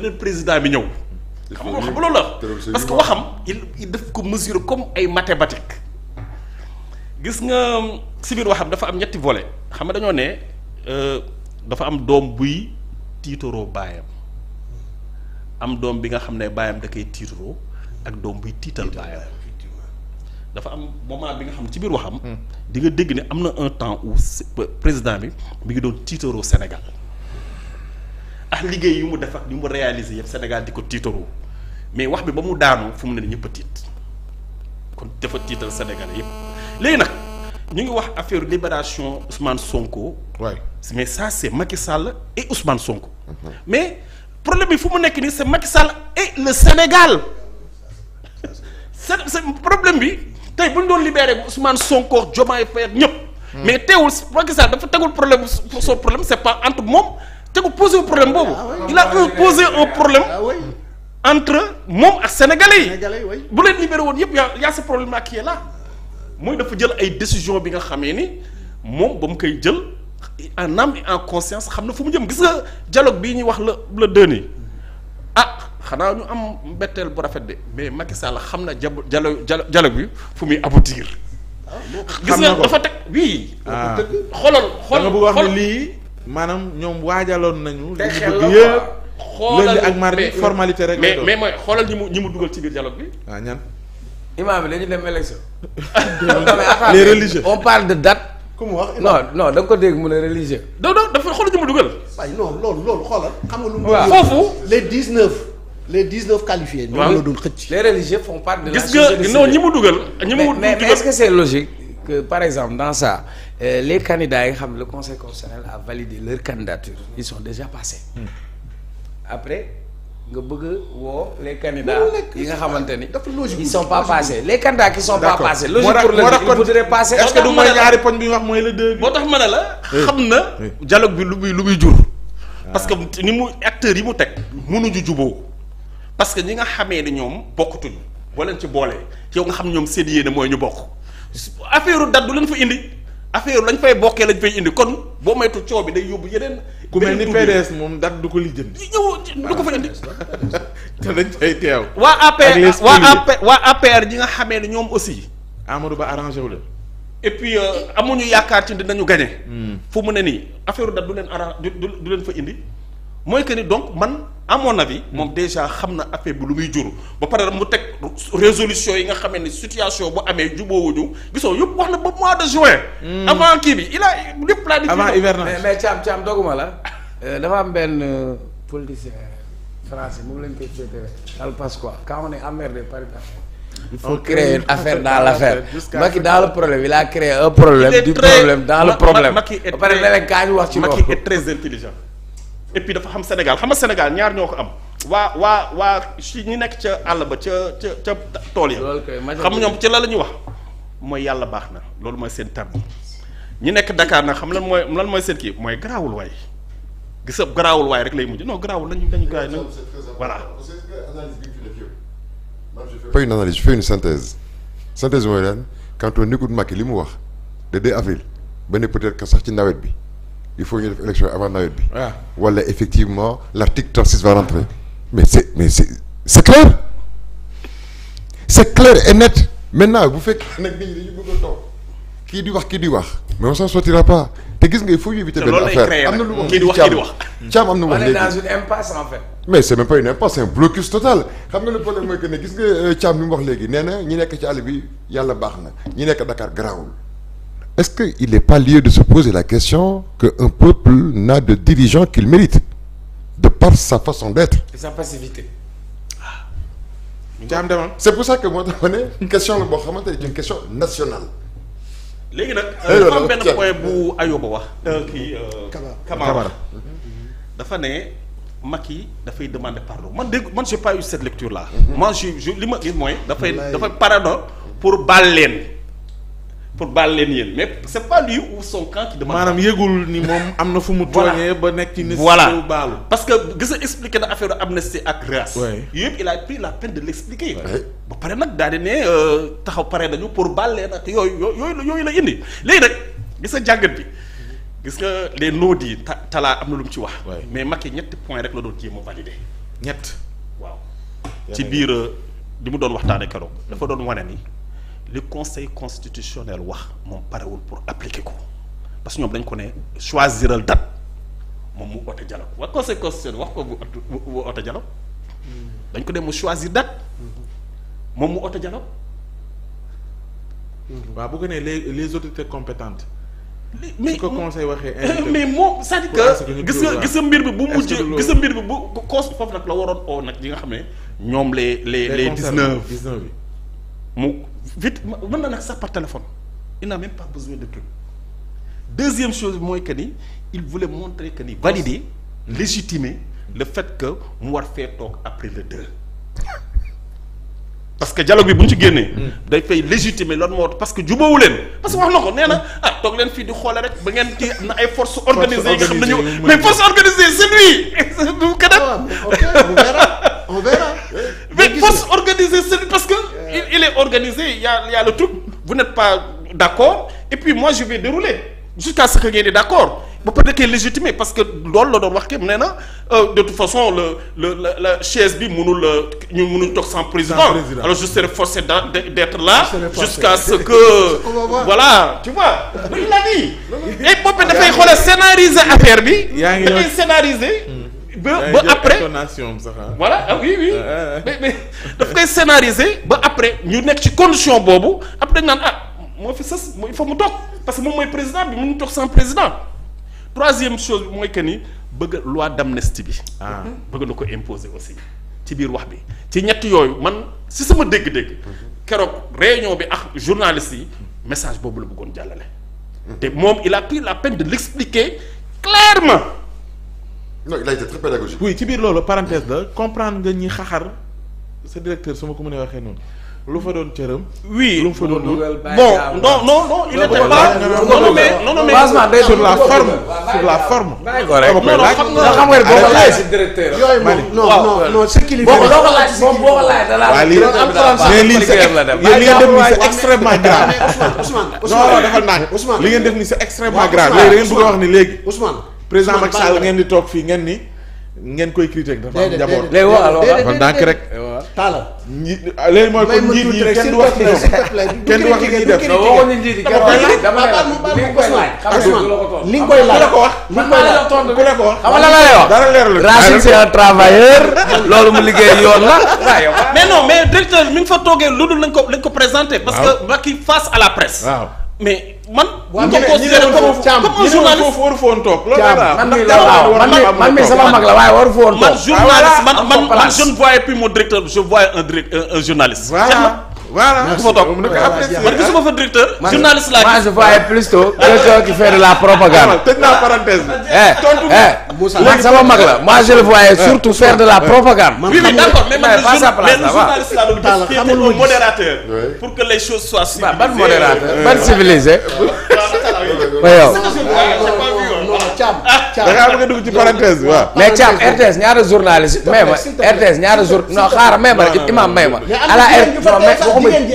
beneen président bi ñëw. xam nga xam loolu la parce que waxam il def ko mesure comme ay mathématiques. gis nga euh, si biir waxam dafa am ñetti volet xam nga dañoo ne euh, dafa am doom buy tiitaroo baayam am doom bi nga xam ne baayam da koy tiitaroo ak doom buy tiital baayam. dafa am moment bi nga xam ne ci biir waxam. Hmm. di nga dégg ne am na un temps où président bi mi ngi doon tiitaroo Sénégal. ndax liggéey yi mu defar ak yu mu réaliser yëpp Sénégal di ko tiitaroo mais wax bi ba mu daanu fu mu ne ñëpp a tiit kon dafa tiital Sénégal yëpp léegi nag ñu ngi wax affaire libération Ousmane Sonko. waay mais est Macky Sall et Sonko. Mm-hmm. mais problème bi fu mu nekk nii c' est Macky Sall et le Sénégal. c'est problème bi tey bu ñu doon libéré Ousmane Sonko Diomaye Faye ñëpp. Mm. mais teewul Macky Sall dafa tegul problème son problème c' est pas entre moom. te ku posé problème boobu. Ah il a un posé un problème. Ah entre moom ak sénégalais yi. bu leen libéré woon yëpp yaa yaa ce problème là qui est mooy dafa jël ay décision bi nga xamee ni moom ba mu koy jël en âme en conscience xam na fu mu jëm gis nga dialogue bii ñuy wax la la dënee ah xanaa ñu am mbetteel bu rafet de mais Macky Sall xam na jab dialogue dialogue bi fu muy aboutir. Ah, gis nga dafa teg oui. xoolal xool nga bëgg lii. maanaam ñoom waajaloon nañu. te xel la yëpp xoolal ak mardi formalité rek. mais mais mooy xoolal ñi mu ñi mu dugal ci biir dialogue bi. waaw ah, ñan. imaam bi dañu dem élection. les religieux on parle de date. ku mu wax non non da ko dégg mun ne religieux. non non dafa xoolal ñi mu dugal. waaye non loolu loolu xoolal. xam nga lu mu. foofu les dix neuf. les dix neuf qualifiés. waaw ñoo la doon xëcc. les religieux font part de la. gis nga non ñi mu dugal. ñi mu dugal mais mais est-ce que logique. que par exemple dans ça euh, les candidats yi nga xam ne le conseil constitutionnel a validé leur candidature ils sont déjà hmm. après nga bëgg woo les candidats yi nga xamante ni ils sont pas passés les candidats qui sont pas passés logique pour le il voudrait passer est-ce que du mooy ñaari poñ bi ñu ma ne la xam na dialogue bi lu muy lu muy jur ah. parce que ni mu acteurs yi mu teg mënuñu juboo parce que ñi nga xamee ni ñoom bokkatuñu boo ci boolee yow nga xam ñoom seen yéene mooy ñu bokk affaire u dat du leen fa indi affaire lañ fay bokkee lañ fay indi kon boo moytu coow bi day yóbbu yeneen. ku mel ni moom dat du ko li jënd. ñëw du ko fa indi. te dañ fay teew. waa APR waa APR waa APR ñi nga xamee ne ñoom aussi. Amadou Ba arrangé wu leen. et euh, amuñu yaakaar ci dinañu gagné. Hmm. fu mu ne nii affaire dat du leen ara du du leen fa indi. mooy que ni donc man amoon mon avis hmm. moom déjà xam na affaire bi lu muy juru ba pare mu teg résolution yi nga xamee ne situation bu amee jubóowuñu gisoo yëpp wax na ba mois de juin. Hmm. avant kii bi il a lépp laa di. avant hivernage mais mais Thiam Thiam doguma la. Euh, dafa am benn euh, politicien français moom lañ koy féetewee. al Pasqua. quand on est emmerdé par il faut créer une affaire dans l'affaire dans le problème il a créé un problème. du problème dans le problème. très intelligent. et dafa xam Sénégal xam nga ñaar ñoo ko am waa waa waa si ñi nekk ca àll ba ca ca ca tool ya xam ñoom ci la la ñuy wax mooy yàlla baax na loolu mooy seen tab ñi nekk Dakar na xam lan mooy lan mooy seen kii mooy garaawul waay gis ab garaawul waay rek lay mujj non garaawul nañu dañu gars yi voilà pas une analyse je fais une synthèse synthèse mooy lan quand on écoute li mu wax le 2 avril ba ne peut-être que sax ci nawet bi il faut ñu def élection avant nawet bi. waaw wala effectivement l'article 36 va rentrer mais c'est mais c'est c'est clair c'est clair et net maintenant bu fekkee nag nit ñi dañu bëgg a kii di wax kii di wax mais on s'en sortira te gis nga il faut ñu éviter benn affaire am na lu wax kii di wax kii di wax caam am na wax léegi mais c'est même pas une impasse c'est un blocus total xam nga le problème mooy gën ne gis nga caam euh, li mu wax léegi nee na ñi nekk ci àll bi yàlla baax na ñi nekk Dakar garaawul. est-ce qu'il n'est pas lieu de se poser la question qu'un peuple n'a de dirigeant qu'il mérite, de par sa façon d'être Et sa passivité. C'est pour ça que moi, une question, est une question nationale. léegi nag eh, euh, dafa am point bu Ayoba wax euh, kii euh, dafa ne Macky dafay demander pardon man dégg man j'ai pas eu cette lecture là mhm. moi je li ma gis mooy dafay dafay pardon pour baal leen pour bal leen yéen mais c' est pas lui ou son camp qui demande. maanaam yëgul ni moom am na fu mu. tooñee ba nekk ci. voilà baalu parce que gis nga expliqué na affaire amnistie ak grâce. yëpp il a pris la peine de l' expliquer. ba pare nag daal di ne euh, taxaw pare nañu pour baal leen ak yooyu yooyu la yooyu la indi léegi rek gis nga jàngat bi gis nga les notes yi ta talaa am na lu mu ci wax. mais mag yi ñetti point rek la doon jéem a validé. ñett waaw. ci biir euh, li mu doon waxtaanee keroog dafa doon wane ni. li conseil constitutionnel wax moom parewul pour appliquer ko parce que ñoom dañ ko ne choisiral date moom mu oote dialogue waa conseil constitutionnel wax ko bu bu oote hmm. dañ ko dem mu choisir date moom mu oto dialogue hmm. waa bu ko nee les les autorités compétente li mais ko conseil waxee. mais moom cest à gis nga gis nga mbir bi bu mujj gis nga mbir bi bu cons foofu nag la waroon oo nag yi nga xam ne ñoom les les les dix-neuf bi mu vite mën na nag sax par téléphone il n'a même pas besoin de truc deuxième chose mooy que ni il voulait montrer que ni valider le fait que mu war fee toog après le deux parce que dialogue bi bu ci génnee. day fay légitimer loolu moo parce que jubóowu leen. parce wax na ko nee ah toog leen fii di xoole rek ba ngeen ci na ay forces organisées nga xam ne ñu mais force organisée c'est lui. du kanam on verra on verra mais force elle est organisée il y a il y a le truc vous n'êtes pas d'accord et puis je vais dérouler jusqu'à ce que ngeen di d'accord ba pare kay légitimer parce que loolu la doon wax képp nee na euh, de toute façon le le la la chaise bi mënul euh, ñu mënul toog sans président alors je serai forcé d'être là jusqu'à ce que voilà tu vois l'a dit et boppe dafay xoolal scénariser affaire bi dafay scénariser ba ba après voilà ah oui oui mais daf koy scénariser ba après ñu nekk ci condition boobu après dañ naan ah moo fi sës il faut mu toog parce que moom mooy président bi mënuñu toog san président troisième chose bi mooy que ni bëgg loi d'amnistie bi. Ah. Mmh. bëgg na ko imposer aussi ci biir wax bi ci ñett yooyu man si sama dégg-dégg. Mmh. keroog réunion bi ak journaliste yi message boobu la bëggoon jàllale. Mmh. te moom il a pris la peine de l'expliquer clairement. non il a été très pédagogique. oui ci biir loolu parenthèse la comprendre nga ñi xaxar sa directeur su ma ko mënee waxee noonu. lu fa doon cëram. oui lu fa doon bon non non non il n'était pas non non mais non non mais sur la forme sur la forme. non non non non non président Macky Sall ngeen di toog fii ngeen ni ngeen koy critique dafa am njaboot léegi waaw alors kon dànk rek taala ñi léegi mooy kon njiit yi kenn du wax kenn du wax li ñuy def waxoon na njiit yi kenn dama li koy laaj li nga koy laaj ku la ko wax li nga koy laaj ku la ko wax xam nga la lay wax dara leerul Racine c'est un travailleur loolu mu liggéey la ko lañ ko présenté parce que Macky face à la presse waaw mais man. waaw ñu ko considéré comme un journaliste waru man man mi sama mag la waaye waru foon toog. man journaliste man man man je ne voyais plus mon directeur je voyais un direct un journaliste. voilà voilà merci beaucoup parce que ma fa directeur. journaliste laa moi je voyais plutôt quelqu'un qui fait de la propagande. tëj naa parenthèse bi. man sama mag la moi je le voyais surtout faire de la propagande. oui oui d'accord mais man journaliste laa doon def pour que les choses soient civilisées. ban modérateur ban civilisé. waaw Thiam. da ngaa bëgg a mais Thiam RTS ñaata journaliste may ma RTS ñaata jour non xaaral may ma imam ma. ala RTS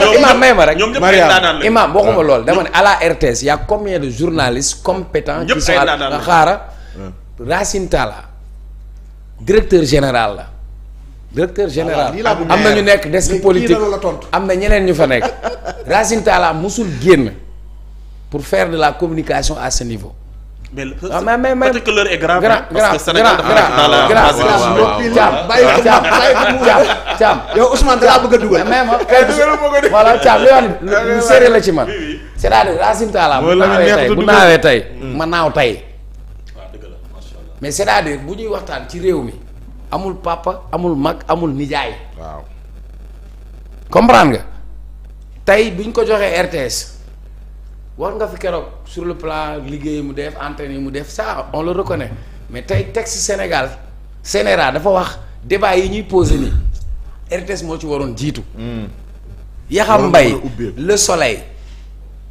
non imam may ma rek. Mariam imam waxuma lool dama ne ala RTS y' a combien de journalistes compétents. ñëpp ay naanaan la xaara Racine Talla directeur général la. directeur général ah, am na ñu nekk desk politique am na ñeneen ñu fa nekk Racine Talla musul génn pour faire de la communication à ce niveau. mais peut-être que l'heure est grave. parce que Sénégal dafa bëgg a dugal. mais lu sérieux la ci man. c'est-à-dire Racine bu naawee tey bu naawee tey ma naaw tey. mais cest à bu ñuy waxtaan ci réew mi amul papa amul mag amul nijaay. waaw comprendre nga. tey bi ñu ko joxee RTS. war nga fi keroog sur le plan liggéey mu def entraîné mu def saa on le reconnaît mais tey texte Sénégal sénéral dafa wax débat yi ñuy posé nii RTS moo ci waroon jiitu. Hmm. Yaxam Mbaye Le Soleil.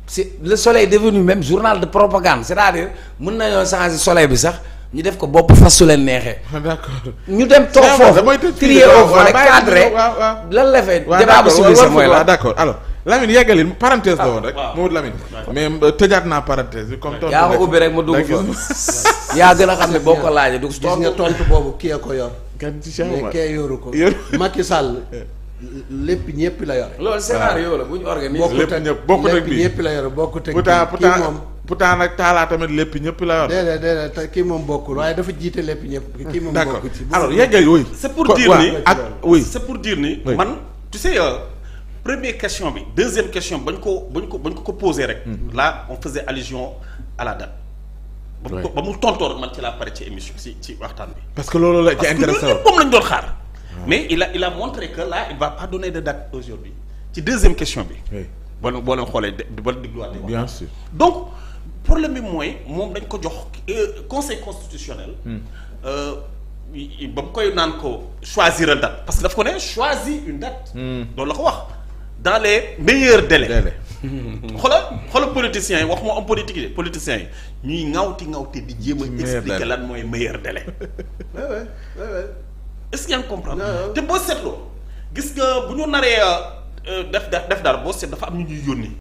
si Le Soleil est devenu même journal de propagande c'est-à-dire mën nañoo changer Soleil bi sax ñu def ko bopp fas su leen neexee. d'accord ñu dem toog foofu. trier au volet cadré lan la fay. débat bu subi sa mooy la d'accord alors. Lamine yeggali parenthèse la ah, woon rek. waaw Mamadou Lamine. mais euh, tëjaat naa parenthèse bi comme. tontu yaa ko ubbi rek ma dugg fa yaa gën a xam ne boo ko laajee du. gis nga tontu boobu kii ko yor. kan ci mais kee yoru ko. yor Macky Sall eh. lépp ñëpp la yore. loolu scénario la bu ñu organiser. lépp ñëpp bokkut ak bi lépp ñëpp la yore bokkut ak. kii moom pourtant nag taalaa tamit lépp ñëpp la yor. déedéet déedéet te kii moom bokkul waaye dafa jiite lépp ñëpp. kii moom bokkul ci d'accord alors yeggali oui. c'est pour dire ni ak oui c'est pour dire ni man tu sais euh, première question bi deuxième question bañ ko bañ ko bañ ko ko posé rek. Mm-hmm. là on faisait allusion à la date. ba mu tontoo man ci laa pare ci émission ci ci waxtaan bi. parce que loolu la ci intéressant parce que la lañ doon xaar. mais il a va pas donner de date aujourd'hui ci deuxième question bi. oui boo xoolee de ba dégluwaatee. bien sûr donc problème bi mooy moom dañ ko jox euh, conseil constitutionnel. Hmm. Euh, ba mu koy naan ko choisir une parce que daf ko ne choisis une date. Hmm. loolu la ko wax. dans les meilleurs délais. xoolal xoolal politiciens wax waxuma am politique yi politiciens yi ñuy ŋawti ŋawti di jéem a expliquer lan mooy meilleur délai. est-ce que yaa ngi comprendre. te boo seetloo gis nga bu ñu naree euh, def def dara boo seet dafa am ñu ñuy yónni.